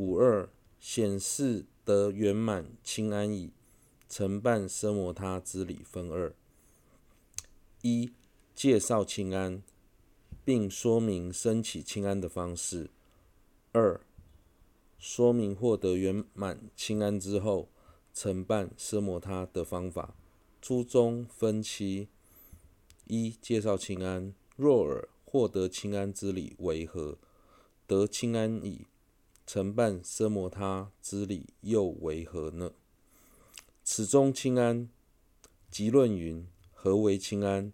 午二、顯示得圓滿輕安已，成辦奢摩他之理分二：一介紹輕安，並說明生起輕安的方式；二說明獲得圓滿輕安之後，成辦奢摩他的方法。初中分七一介紹輕安，若爾，獲得輕安之理為何？得輕安已，成辦奢摩他之理又為何呢？此中輕安，集論云：何為輕安？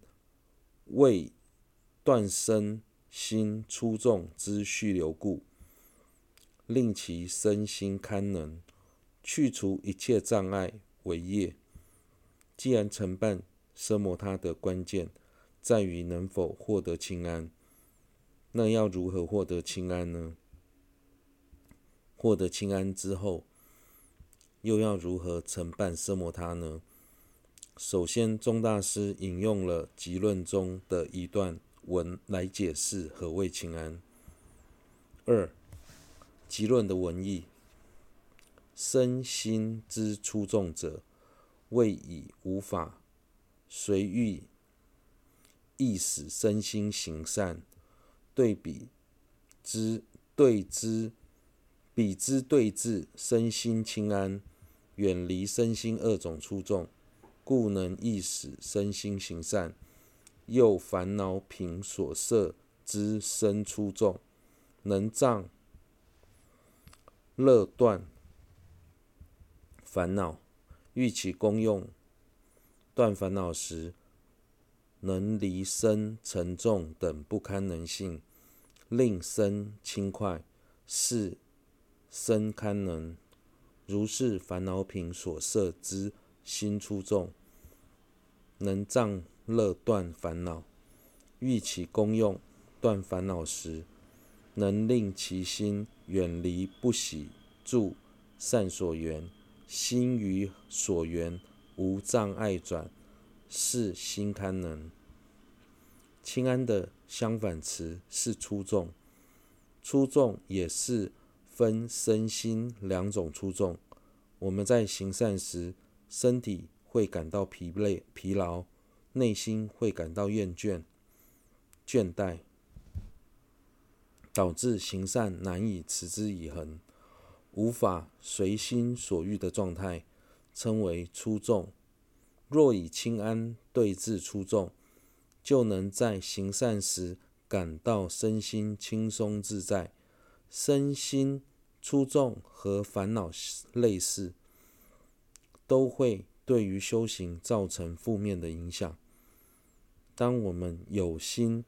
為斷身心粗重之續流故，令其身心堪能，去除一切障礙為業。既然成辦奢摩他的關鍵在於能否獲得輕安，那要如何獲得輕安呢？獲得輕安之後，又要如何成辦奢摩他呢？首先，宗大師引用了《集論》中的一段文來解釋何謂輕安。二，《集論》的文義：身心之粗重者，謂己無法隨欲役使身心行善。彼之對治，對治。彼之對治，身心輕安，遠離身心二種粗重，故能役使身心行善，又煩惱品所攝之身粗重，能障樂斷煩惱，欲起功用，斷煩惱時，能離身沉重等不堪能性，令身輕快。是身堪能，如是煩惱品所攝之心粗重，能障樂斷煩惱。欲起功用斷煩惱時，能令其心遠離不喜住善所緣，心於所緣無障礙轉，是心堪能。輕安的相反詞是粗重，粗重也是分身心兩種粗重。我們在行善時，身體會感到疲累、疲勞，內心會感到厭倦、倦怠，導致行善難以持之以恆，無法隨心所欲的狀態，稱為粗重。若以輕安對治粗重，就能在行善時感到身心輕鬆自在。身心粗重和煩惱類似，都會對於修行造成負面的影響。當我們有心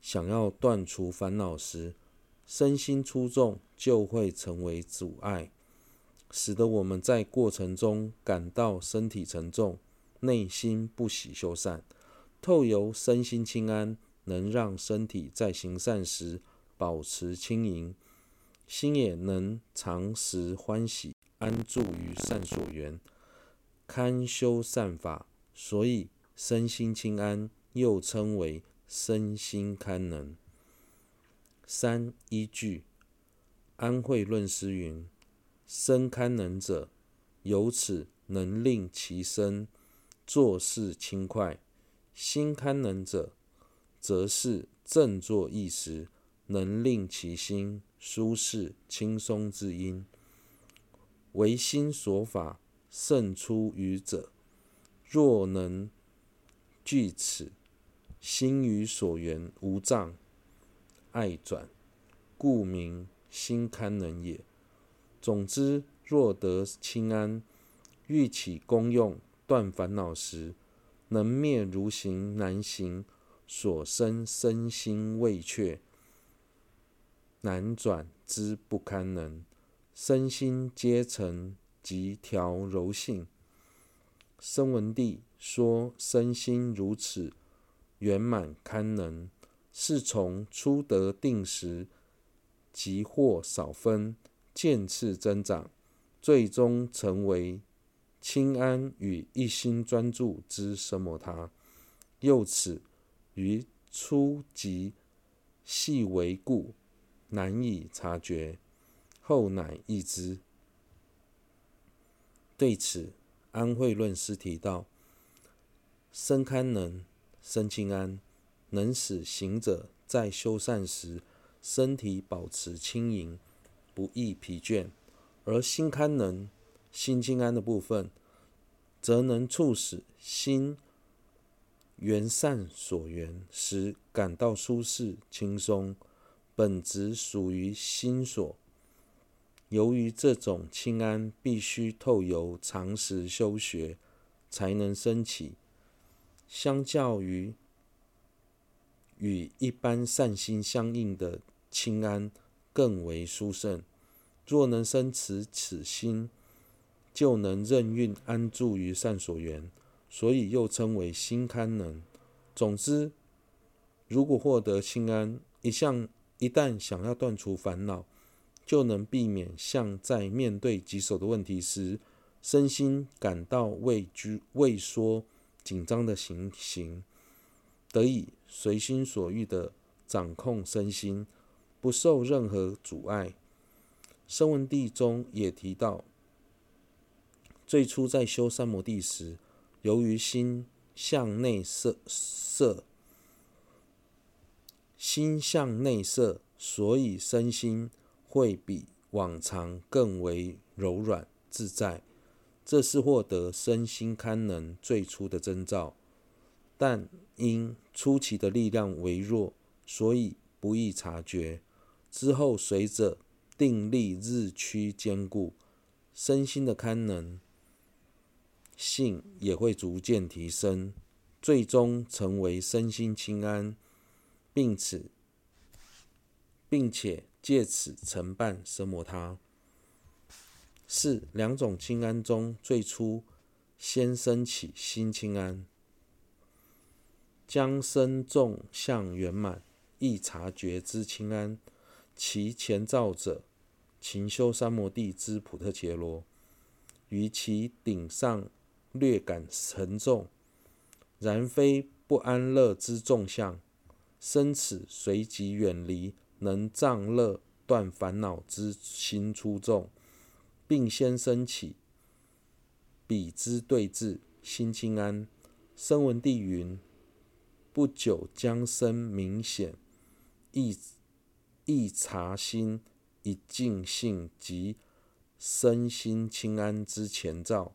想要斷除煩惱時，身心粗重就會成為阻礙，使得我們在過程中感到身體沉重，內心不喜修善。透由身心輕安，能讓身體在行善時保持輕盈。心也能常時歡喜安住於善所緣，堪修善法，所以身心輕安，又稱為身心堪能。三、依據，安慧論師云：身堪能者，由此能令其身作事輕快；心堪能者，則是正作意時，能令其心。舒適輕鬆之因，為心所法，勝出餘者。若能具此，心於所緣無障礙轉，故名心堪能也。總之，若得輕安，欲起功用斷煩惱時，能滅如行難行所生身心畏怯。難轉之不堪能，身心皆成極調柔性。聲聞地說：身心如此圓滿堪能，是從初得定時即獲少分漸次增長，最終成為輕安與一心專注之奢摩他。又此於初極細微故。難以察覺，後乃易知。對此，安慧論師提到，身堪能身輕安，能使行者在修善時身體保持輕盈，不易疲倦；而心堪能心輕安的部分，則能促使心緣善所緣時感到舒適輕鬆。本質屬於心所。由於這種輕安必須透由長時修學才能生起，相較於與一般善心相應的輕安更為殊勝。若能生起此心，就能任運安住於善所緣，所以又稱為心堪能。總之，如果獲得輕安，一旦。一旦想要斷除煩惱，就能避免像在面對棘手的問題時，身心感到畏懼、畏縮、緊張的情形，得以隨心所欲地掌控身心，不受任何阻礙。聲聞地中也提到，最初在修三摩地時，由於心向內攝攝。心向內攝，所以身心會比往常更為柔軟自在。這是獲得身心堪能最初的徵兆，但因初期的力量微弱，所以不易察覺。之後隨着定力日趨堅固，身心的堪能性也會逐漸提升，最終成為身心輕安。並此，並且借此成辦奢摩他。四、兩種輕安中，最初先生起心輕安，將生眾相圓滿，易察覺之輕安，其前兆者，勤修三摩地之補特伽羅，於其頂上略感沉重，然非不安樂之重相。生此隨即遠離，能障樂斷煩惱之心粗重，並先生起彼之對治。心輕安。聲聞地云：不久將生明顯，易察心一境性及身心輕安之前兆。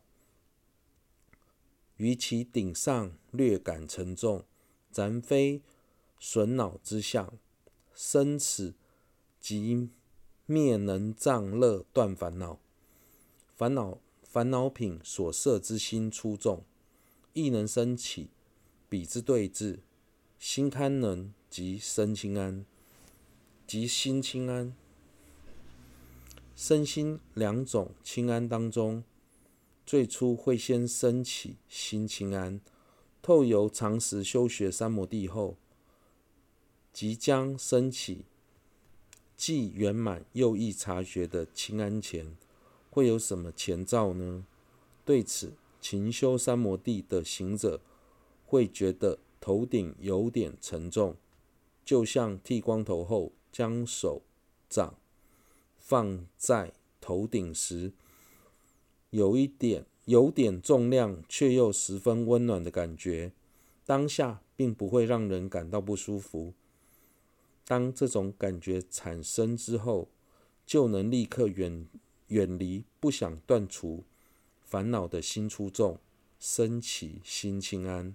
於其頂上略感沉重，然非。損惱之相，生此即滅能障樂斷煩惱，煩惱煩惱品所攝之心粗重，亦能生起，彼之對治心堪能及心輕安，及心輕安。身心兩種輕安當中，最初會先生起心輕安，透由長時修學三摩地後。即將生起，既圓滿又易察覺的輕安前，會有什麼前兆呢？對此，勤修三摩地的行者會覺得頭頂有點沉重，就像剃光頭後將手掌放在頭頂時，有一點有點重量，卻又十分溫暖的感覺。當下並不會讓人感到不舒服。當這種感覺產生之後，就能立刻遠遠離不想斷除煩惱的心粗重，生起心輕安。